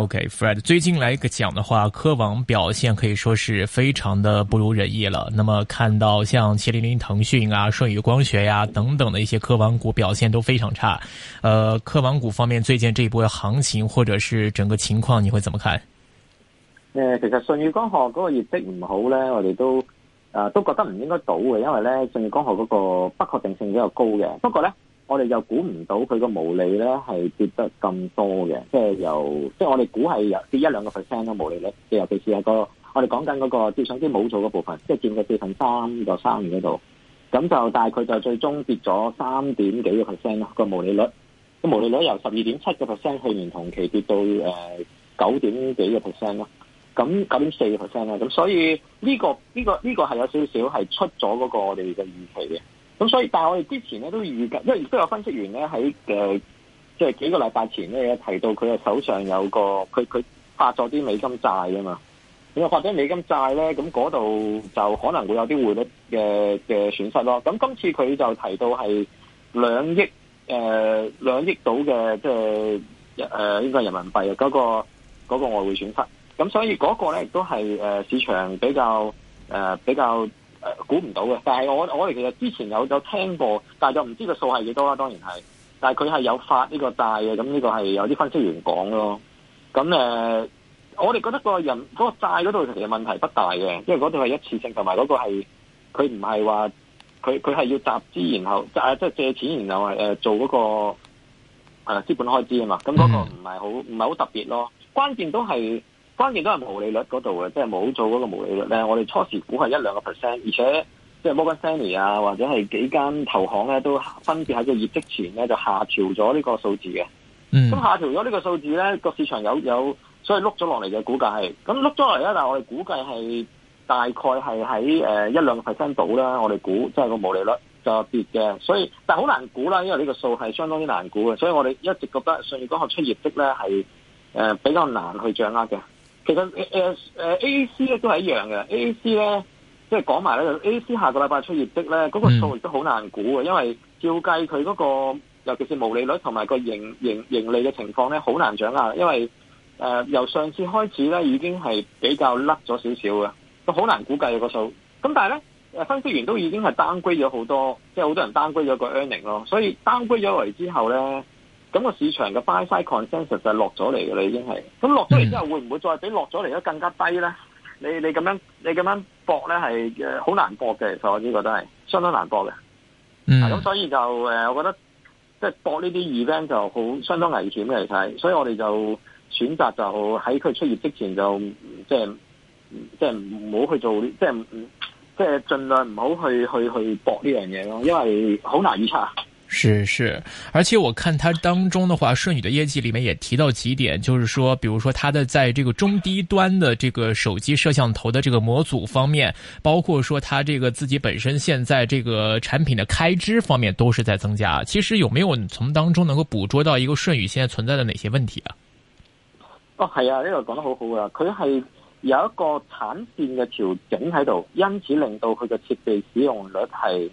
OK，Fred，okay, 最近來一個講的話，科網表現可以說是非常的不如人意了。那麼看到像七零零、騰訊啊、舜宇光學呀、啊、等等的一些科網股表現都非常差。呃，科網股方面最近這一波行情或者是整個情況，你會怎麼看？誒、呃，其實舜宇光學嗰個業績唔好呢，我哋都啊、呃、都覺得唔應該賭嘅，因為呢舜宇光學嗰個不確定性比較高嘅。不過呢我哋又估唔到佢個毛利呢係跌得咁多嘅，即係由即係我哋估係有跌一兩個 percent 嘅毛利率，尤其是、嗰個我哋講緊嗰個攝像模組嗰部分，即係佔個四分三個三嗰度，咁就但係佢就最終跌咗三點幾個 percent 咯，個毛利率，個毛利率由十二點七個 percent 去年同期跌到誒九點幾個 percent 咯，咁九點四個 percent 啦，咁所以呢個呢個呢個係有少少係出咗嗰個我哋嘅預期嘅。咁所以，但係我哋之前咧，都預計，因為亦都有分析員咧，喺誒即係幾個禮拜前咧，有提到佢嘅手上有個佢佢發咗啲美金債啊嘛。咁啊發咗美金債咧，咁嗰度就可能會有啲匯率嘅嘅損失咯。咁今次佢就提到係兩億誒，兩億到嘅，即係誒應該係人民幣嘅嗰個嗰個外匯損失。咁所以嗰個咧亦都係誒、呃、市場比較誒、呃、比較。誒，估唔、呃、到嘅，但係我我哋其實之前有有聽過，但係就唔知個數係幾多啦。當然係，但係佢係有發呢個債嘅，咁呢個係有啲分析員講咯。咁、嗯、誒，我哋覺得個人嗰、那個債嗰度其實問題不大嘅，因為嗰度係一次性，同埋嗰個係佢唔係話佢佢係要集資，然後即係、就是、借錢，然後係誒、呃、做嗰、那個、呃、資本開支啊嘛。咁、嗯、嗰、那個唔係好唔係好特別咯，關鍵都係。關鍵都係毛利率嗰度嘅，即係冇做嗰個毛利率咧。我哋初時估係一兩個 percent，而且即係 Morgan Stanley 啊，或者係幾間投行咧，都分別喺個業績前咧就下調咗、嗯、呢個數字嘅。咁下調咗呢個數字咧，個市場有有所以碌咗落嚟嘅估價係，咁碌咗落嚟咧，但係我哋估計係大概係喺誒一兩個 percent 度啦。我哋估即係、就是、個毛利率就跌嘅，所以但係好難估啦，因為呢個數係相當之難估嘅，所以我哋一直覺得舜宇光學出業績咧係誒比較難去掌握嘅。其實誒 AAC 咧都係一樣嘅，AAC 咧即係講埋咧，AAC 下個禮拜出業績咧，嗰、那個數亦都好難估嘅，因為照計佢嗰個，尤其是毛利率同埋個盈盈盈利嘅情況咧，好難掌握，因為誒、uh, 由上次開始咧，已經係比較甩咗少少嘅，佢、那、好、個、難估計個數。咁但係咧，誒分析員都已經係 downgrade 咗好多，即係好多人 downgrade 咗個 earning 咯，所以 downgrade 咗嚟之後咧。咁個市場嘅 buy side consensus 就係落咗嚟嘅啦，你已經係咁落咗嚟之後，會唔會再比落咗嚟咧更加低咧、mm.？你你咁樣你咁樣搏咧，係好難搏嘅、mm. 其實。所以我知覺得係相當難搏嘅。嗯，咁所以就我覺得即係搏呢啲 event 就好相當危險嚟睇。所以我哋就選擇就喺佢出業之前就即係即係唔好去做，即係即係盡量唔好去去去搏呢樣嘢咯，因為好難預測。是是，而且我看它當中的話，舜宇的業績裏面也提到幾點，就是說，比如說它的在這個中低端的這個手機攝像頭的這個模組方面，包括說它這個自己本身現在這個產品的開支方面都是在增加。其實有沒有從當中能夠捕捉到一個舜宇現在存在的哪些問題啊？哦，係啊，呢個講得好好啊，佢係有一個產線嘅調整喺度，因此令到佢嘅設備使用率係。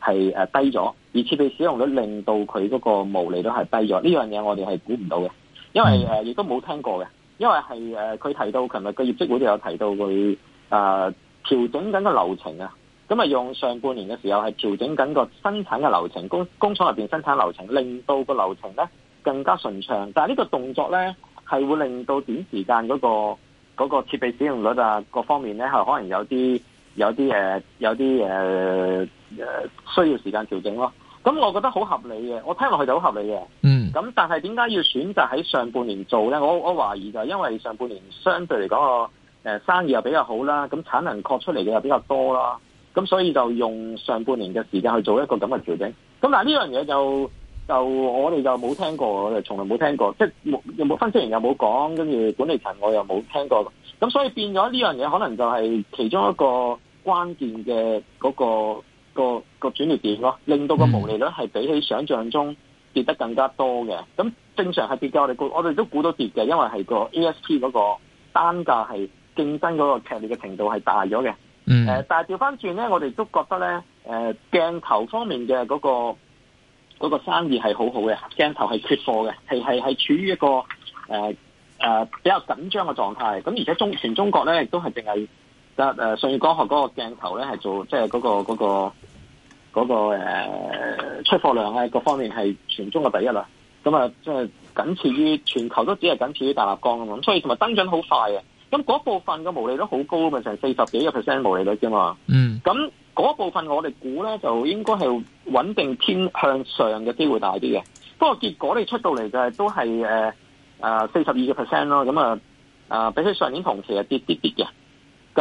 係誒、呃、低咗，而設備使用率令到佢嗰個毛利率都係低咗。呢樣嘢我哋係估唔到嘅，因為亦、呃、都冇聽過嘅。因為係佢、呃、提到琴日個業績會都有提到佢、呃、調整緊個流程啊，咁、嗯、啊用上半年嘅時候係調整緊個生產嘅流程，工工廠入面生產流程，令到個流程咧更加順暢。但係呢個動作咧係會令到短時間嗰、那個那個設備使用率啊各方面咧係可能有啲。有啲誒，有啲誒、呃，需要時間調整咯。咁我覺得好合理嘅，我聽落去就好合理嘅。嗯。咁但係點解要選擇喺上半年做咧？我我懷疑就因為上半年相對嚟講個誒生意又比較好啦，咁產能擴出嚟嘅，又比較多啦。咁所以就用上半年嘅時間去做一個咁嘅調整。咁但係呢樣嘢就就我哋就冇聽過，我哋從來冇聽過，即係冇分析人又冇講，跟住管理層我又冇聽過。咁所以變咗呢樣嘢，可能就係其中一個關鍵嘅嗰個、個、個轉捩點咯，令到個毛利率係比起想象中跌得更加多嘅。咁正常係跌嘅，我哋估，我哋都估到跌嘅，因為係個 ASP 嗰個單價係競爭嗰個劇烈嘅程度係大咗嘅、嗯呃。但係調翻轉咧，我哋都覺得咧、呃，鏡頭方面嘅嗰個、嗰個生意係好好嘅，鏡頭係缺貨嘅，係係係處於一個、呃誒、呃，比較緊張嘅狀態，咁而且中全中國咧，亦都係淨係得誒舜宇光學嗰個鏡頭咧，係做即係嗰、那個嗰、那個、那個誒、呃、出貨量咧，各方面係全中國第一啦。咁啊，即係僅次於全球都只係僅次於大立光啊嘛。咁所以同埋增長好快啊。咁嗰部分嘅毛利率好高，咪成四十幾個 percent 毛利率啫、就是、嘛。嗯。咁嗰部分我哋估咧，就應該係穩定偏向上嘅機會大啲嘅。不過結果你出到嚟就係都係誒。呃啊，四十二個 percent 咯，咁啊，啊，比起上年同期有跌,跌跌跌嘅，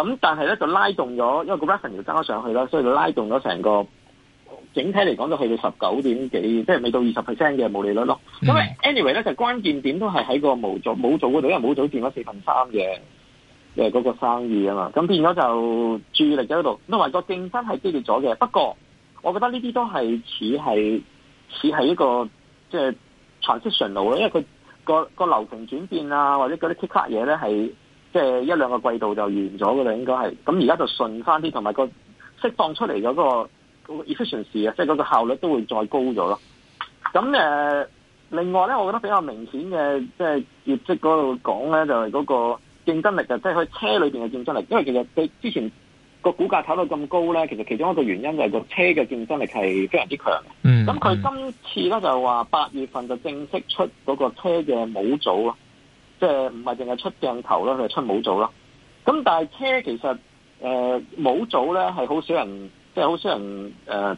咁但係咧就拉動咗，因為個 r a c i o n 又加咗上去啦，所以就拉動咗成個整體嚟講都去到十九點幾，即係未到二十 percent 嘅毛利率咯。咁 anyway 咧，其實關鍵點都係喺個模組模組嗰度，因為模組變咗四分三嘅，誒、那、嗰個生意啊嘛，咁變咗就注意力喺度。因為個競爭係激烈咗嘅，不過我覺得呢啲都係似係似係一個即係 transitional 嘅路咯，就是、itional, 因為佢。個個流程轉變啊，或者嗰啲 cut cut 嘢咧，係即係一兩個季度就完咗噶啦，應該係咁，而家就順翻啲，同埋、嗰個釋放出嚟嗰、嗰個個 efficiency 啊，即係嗰個效率都會再高咗咯。咁誒、呃，另外咧，我覺得比較明顯嘅，即係業績嗰度講咧，就係、係、嗰、就係、個競爭力就即係去車裏邊嘅競爭力，因為其實之前。個股價炒到咁高咧，其實其中一個原因就係個車嘅競爭力係非常之強嘅。咁佢、mm hmm. 今次咧就話八月份就正式出嗰個車嘅模組咯，即係唔係淨係出鏡頭咯，就係、是、出，出模組咯。咁但係車其實誒、呃、模組咧係好少人，即係好少人誒誒、呃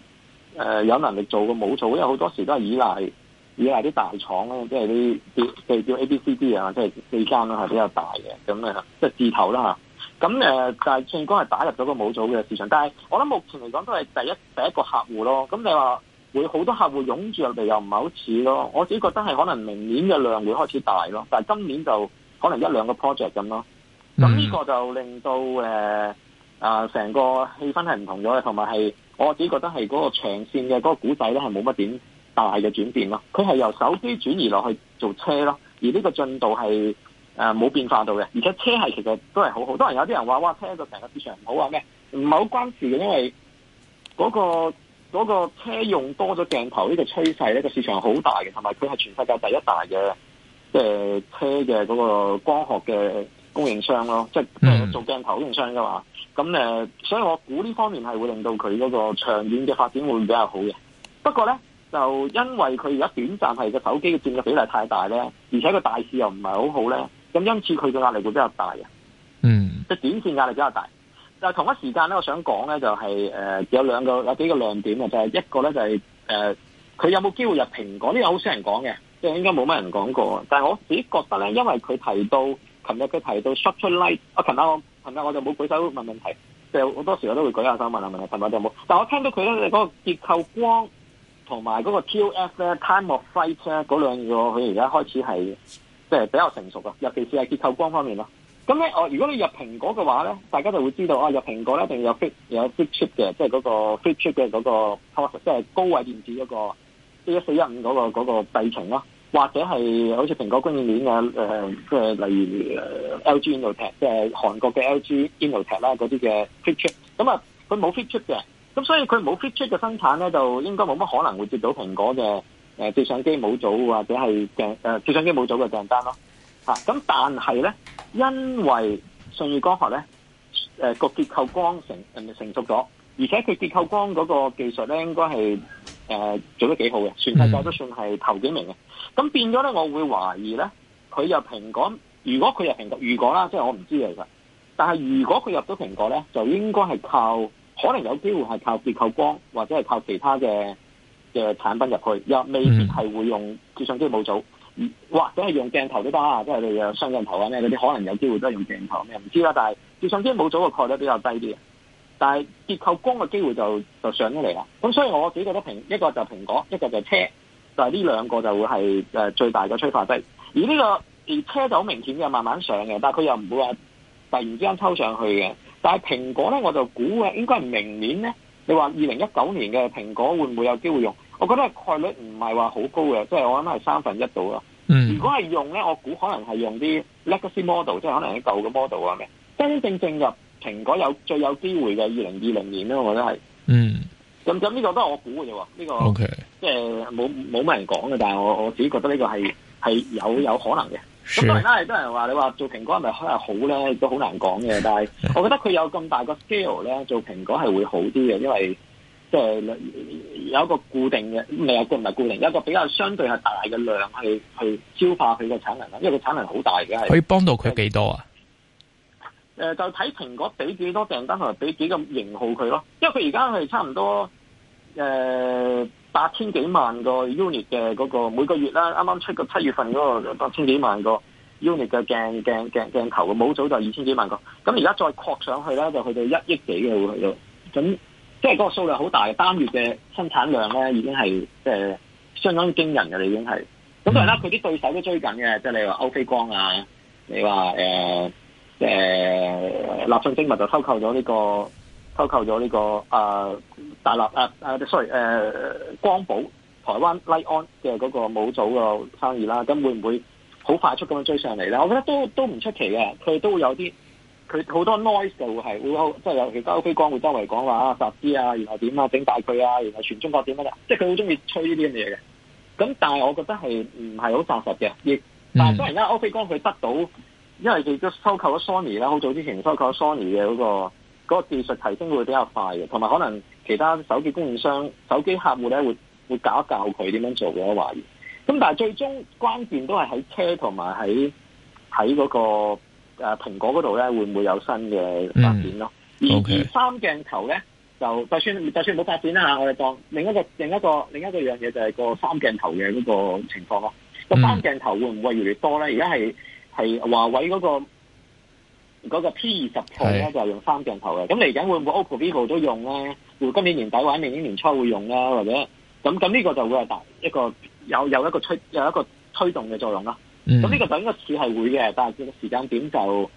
呃、有能力做個模組，因為好多時都係依賴依賴啲大廠咯，即係啲叫 A B C D 啊，即係四間啦係比較大嘅，咁啊即係字頭啦吓。咁誒、呃，但係正光係打入咗個模組嘅市場，但係我諗目前嚟講都係第一第一個客戶咯。咁你話會好多客戶湧住入嚟又唔係好似咯，我自己覺得係可能明年嘅量會開始大咯，但係今年就可能一兩個 project 咁咯。咁呢個就令到誒、呃呃、成個氣氛係唔同咗嘅，同埋係我自己覺得係嗰個長線嘅嗰個故仔咧係冇乜點大嘅轉變咯。佢係由手機轉移落去做車咯，而呢個進度係。誒，冇、啊、變化到嘅，而且車係其實都係好好。多人有啲人話哇，車個成個市場唔好啊咩？唔係好關注嘅，因為嗰、那個嗰、那個車用多咗鏡頭呢個趨勢呢個市場好大嘅，同埋佢係全世界第一大嘅即係車嘅嗰個光學嘅供應商咯，即係做鏡頭供應商噶嘛。咁呢、呃，所以我估呢方面係會令到佢嗰個長遠嘅發展會比較好嘅。不過呢，就因為佢而家短暫係個手機嘅佔嘅比例太大呢，而且個大市又唔係好好呢。咁因此佢嘅壓力會比較大嘅，嗯，即係短線壓力比較大。但係同一時間咧，我想講咧就係、是、誒、呃、有兩個有幾個亮點嘅，就係、是、一個咧就係誒佢有冇機會入蘋果？呢、這個好少人講嘅，即係應該冇乜人講過。但係我自己覺得咧，因為佢提到琴日佢提到 shutter light、啊、我琴日我琴日我就冇舉手問問題，即係好多時我都會舉下手問下問、問題，琴日就冇。但係我聽到佢咧嗰個結構光同埋嗰個 TOF 咧，Time of Flight 咧嗰兩個佢而家開始係。即係比較成熟噶，尤其是係結構光方面咯。咁咧，哦，如果你入蘋果嘅話咧，大家就會知道啊，入蘋果咧，一定有 flip, 有 flip chip 嘅，即係嗰個 flip chip 嘅嗰即係高偉電子嗰個，即係一四一五嗰個嗰個製程咯。或者係好似蘋果供應鏈嘅即誒，例如 LG Innotek，即係韓國嘅 LG Innotek 啦，嗰啲嘅 flip chip。咁啊，佢冇 flip chip 嘅，咁所以佢冇 flip chip 嘅生產咧，就應該冇乜可能會接到蘋果嘅。誒照、呃、相機模組或者係誒誒照相機模組嘅訂單咯，嚇、啊、咁但係咧，因為舜宇光學咧誒個結構光成咪、嗯、成熟咗，而且佢結構光嗰個技術咧應該係誒、呃、做得幾好嘅，算係、嗯、都算係頭幾名嘅。咁變咗咧，我會懷疑咧，佢入蘋果，如果佢入蘋果，如果啦，即、就、係、是、我唔知嚟嘅。但係如果佢入咗蘋果咧，就應該係靠可能有機會係靠結構光，或者係靠其他嘅。嘅產品入去又未必係會用攝像機模組，或者係用鏡頭都得啊，即係你有雙鏡頭啊咩嗰啲，可能有機會都係用鏡頭咩唔知啦。但係攝像機模組個概率比較低啲，但係結構光嘅機會就就上咗嚟啦。咁所以我幾個都平，一個就蘋果，一個就車，就係呢兩個就會係、呃、最大嘅催化劑。而呢個而車就好明顯嘅慢慢上嘅，但佢又唔會話突然之間抽上去嘅。但係蘋果咧，我就估嘅應該係明年咧。你話二零一九年嘅蘋果會唔會有機會用？我覺得概率唔係話好高嘅，即係我諗係三分一度咯。嗯、如果係用咧，我估可能係用啲 legacy model，即係可能係舊嘅 model 啊，咩？真真正正入蘋果有最有機會嘅二零二零年咯，我覺得係。嗯。咁咁呢個都係我估嘅啫，呢、呢個。Okay。即係冇冇乜人講嘅，但係我我自己覺得呢個係係有有可能嘅。咁當然啦，亦都有人話你話做蘋果係咪可能好咧，亦都好難講嘅。但係我覺得佢有咁大個 scale 咧，做蘋果係會好啲嘅，因為即係、就是、有一個固定嘅，唔係有個唔係固定，有一個比較相對係大嘅量去去消化佢個產能啦，因為個產能好大嘅。佢幫到佢幾多啊？誒、呃，就睇蘋果俾幾多訂單同埋俾幾咁型號佢咯。因為佢而家係差唔多誒。呃八千幾萬個 unit 嘅嗰個每個月啦，啱啱出個七月份嗰個八千幾萬個 unit 嘅鏡鏡鏡鏡頭嘅，冇早就二千幾萬個，咁而家再擴上去啦，就去到一億幾嘅會去到。咁即係嗰個數量好大嘅，單月嘅生產量咧已經係，即係相當驚人嘅，已經係。咁當然啦，佢啲對手都追緊嘅，即係你話歐菲光啊，你話誒誒立訊精密就收購咗呢個，收購咗呢個啊。呃大立啊啊，sorry，誒、呃、光寶台灣 LiteOn 嘅嗰個母組個生意啦，咁會唔會好快速咁樣追上嚟咧？我覺得都都唔出奇嘅，佢都會有啲佢好多 noise 嘅，會係會即係有其他歐菲光會周圍講話啊集資啊，然後點啊整大佢啊，然後全中國點啊，即係佢好中意吹呢啲咁嘅嘢嘅。咁但係我覺得係唔係好扎實嘅，亦但係當然而家歐菲光佢得到，因為佢都收購咗 Sony 啦，好早之前收購咗 Sony 嘅嗰個嗰個技術提升會比較快嘅，同埋可能。其他手機供應商、手機客戶咧，會會教一教佢點樣做嘅。我懷疑。咁但係最終關鍵都係喺車同埋喺喺嗰個誒蘋果嗰度咧，會唔會有新嘅發展咯？而三鏡頭咧，就就算就算冇發展啦嚇，我哋當另一個另一個另一個樣嘢就係個三鏡頭嘅嗰個情況咯。個、嗯、三鏡頭會唔會越嚟越多咧？而家係係華為嗰個嗰個 P 二十 Pro 咧就係用三鏡頭嘅，咁嚟緊會唔會 OPPO、VIVO 都用咧？今年年底或者明年年初會用啦，或者咁咁呢個就會係大一個有有一個推有一個推動嘅作用啦。咁呢、嗯、個等個次係會嘅，但係個時間點就誒唔、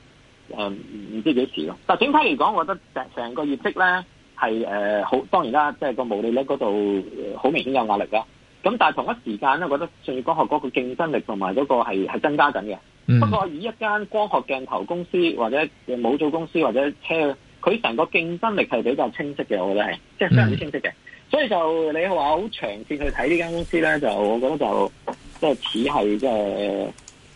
嗯、知幾時咯。但係整體嚟講，我覺得成成個業績咧係誒好當然啦，即、就、係、是、個毛利率嗰度好明顯有壓力啦。咁但係同一時間咧，我覺得舜宇光學嗰個競爭力同埋嗰個係增加緊嘅。嗯、不過以一間光學鏡頭公司或者模造公司或者車。佢成個競爭力係比較清晰嘅，我覺得係，即係非常之清晰嘅。嗯、所以就你話好長線去睇呢間公司咧，就我覺得就即係似係即係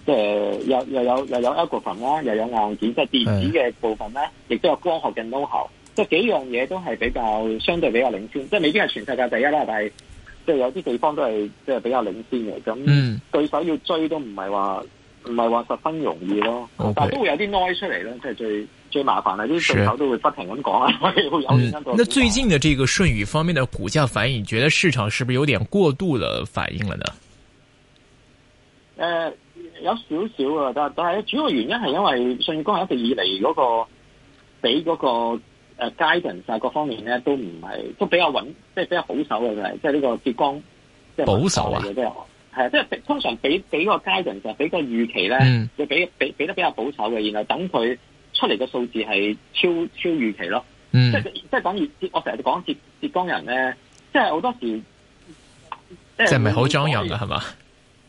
即係又又有又有 outperform 啦，又有硬件，即係電子嘅部分咧，是亦都有光學嘅 know-how，即係幾樣嘢都係比較相對比較領先，即係未必係全世界第一啦，但係即係有啲地方都係即係比較領先嘅。咁對、嗯、手要追都唔係話唔係話十分容易咯，Okay. 但係都會有啲 noise 出嚟呢，即、就、係、是、最。最麻煩啦，啲順口都會不停咁講啊。那最近的這個舜宇方面的股價反應，你覺得市場是不是有點過度的反應了呢？誒、呃，有少少啊，但但係主要原因係因為舜宇光係一直以嚟嗰、那個俾嗰個誒 guidance 啊各方面咧都唔係都比較穩，即係比較保守嘅嚟。即係呢個浙江，即保守啊，係即係通常俾俾個 guidance，俾個預期咧，就俾俾俾得比較保守嘅，然後等佢。出嚟嘅數字係超超預期咯，嗯、即係即係講浙，我成日講浙浙江人咧，即係好多時即係唔係好張揚嘅係嘛？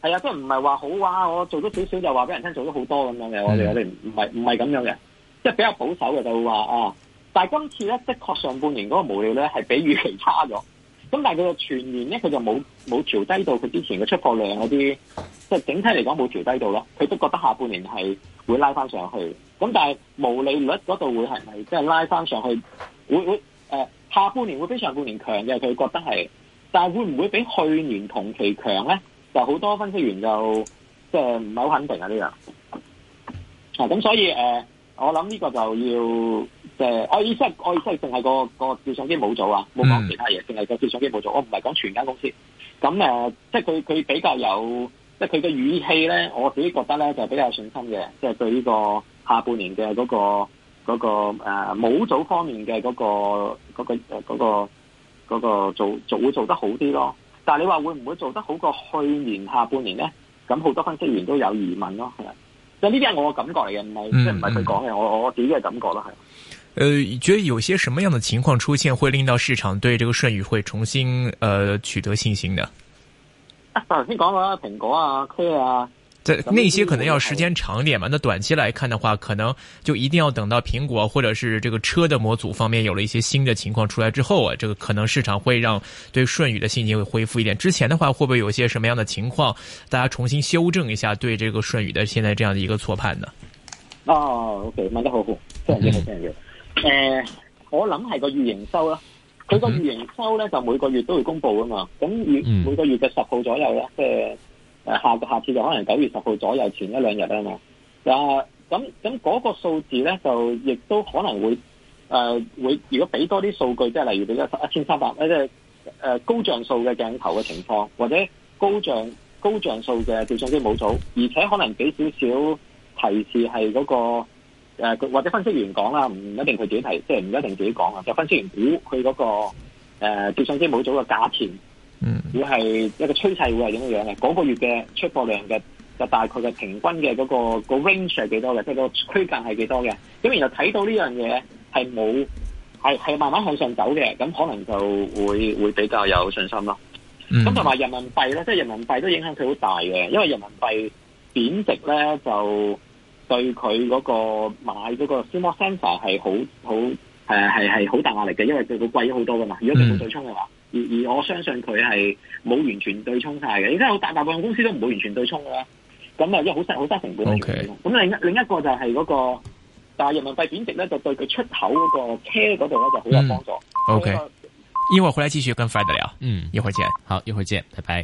係啊，即係唔係話好話、啊，我做咗少少就話俾人聽做咗好多咁、啊、的樣嘅，我哋我哋唔唔係唔係咁樣嘅，即係比較保守嘅就會話啊。但係今次咧，的確上半年嗰個毛利咧係比預期差咗。咁但係佢嘅全年咧，佢就冇冇調低到佢之前嘅出貨量嗰啲，即、就、係、是、整體嚟講冇調低到咯。佢都覺得下半年係。會拉翻上去，咁但係無利率嗰度會係咪即係拉翻上去？會會誒，下半年會比上半年強嘅，佢覺得係，但係會唔會比去年同期強咧？就好多分析員就即係唔係好肯定啊呢樣。啊，咁所以誒、呃，我諗呢個就要即我意思，我意思淨係個個照相機冇做啊，冇講其他嘢，淨係、嗯、個照相機冇做，我唔係講全間公司。咁誒、呃，即係佢佢比較有。即係佢嘅語氣咧，我自己覺得咧就係比較信心嘅，即、就、係、是、對呢個下半年嘅嗰、那個嗰、那個誒、呃、組方面嘅嗰、那個嗰、那個誒嗰、呃那個、做就會做，做得好啲咯。但係你話會唔會做得好過去年下半年咧？咁好多分析員都有疑問咯。即係呢啲係我嘅感覺嚟嘅，唔係、嗯、即係唔係佢講嘅，我我自己嘅感覺咯。係。誒，覺得有些什麼樣嘅情況出現，會令到市場對這個舜宇會重新誒、呃、取得信心嘅。頭先講過啦，蘋果啊，車啊，即那些可能要時間長點嘛。那對短期來看的話，可能就一定要等到蘋果或者是這個車的模組方面有了一些新的情況出來之後啊，這個可能市場會讓對舜宇的信心會恢復一點。之前的話，會不會有些什麼樣的情況，大家重新修正一下對這個舜宇的現在這樣的一個錯判呢？哦，OK，問得好好，有有有有，誒，我諗係個預營收啦。佢、嗯、個營收咧就每個月都會公布㗎嘛，咁月每個月嘅十號左右咧，即、就、係、是、下個下次就可能九月十號左右前一兩日啦嘛。啊，咁咁嗰個數字咧就亦都可能會誒、呃、會如果俾多啲數據，即係例如俾一一千三百，即係誒高像素嘅鏡頭嘅情況，或者高像高像素嘅照相機模組，而且可能俾少少提示係嗰、那個。誒，或者分析員講啦，唔一定佢自己提，即係唔一定自己講啊。就是、分析員估佢嗰個誒，照相機模組嘅價錢，嗯，會係一個趨勢會係點樣樣嘅？嗰、嗰個月嘅出貨量嘅就大概嘅平均嘅嗰、嗰個、嗰個 range 係幾多嘅？即、就、係、是、個區間係幾多嘅？咁然後睇到呢樣嘢係冇係係慢慢向上走嘅，咁可能就會會比較有信心咯。咁同埋人民幣咧，即係人民幣都影響佢好大嘅，因為人民幣貶值咧就。對佢嗰個買嗰個 smart sensor 係好好、誒係係好大壓力嘅，因為佢會貴咗好多噶嘛。如果佢冇對沖嘅話，嗯、而而我相信佢係冇完全對沖晒嘅。因為好大大部分公司都唔會完全對沖噶啦。咁啊，因為好失好失成本，咁另 Okay.、嗯、另一個就係嗰個，但係人民幣貶值咧，就對佢出口嗰個車嗰度咧就好有幫助。嗯那個、OK，一會回來繼續跟 Fred 聊，嗯，一會見，好，一會見，拜拜。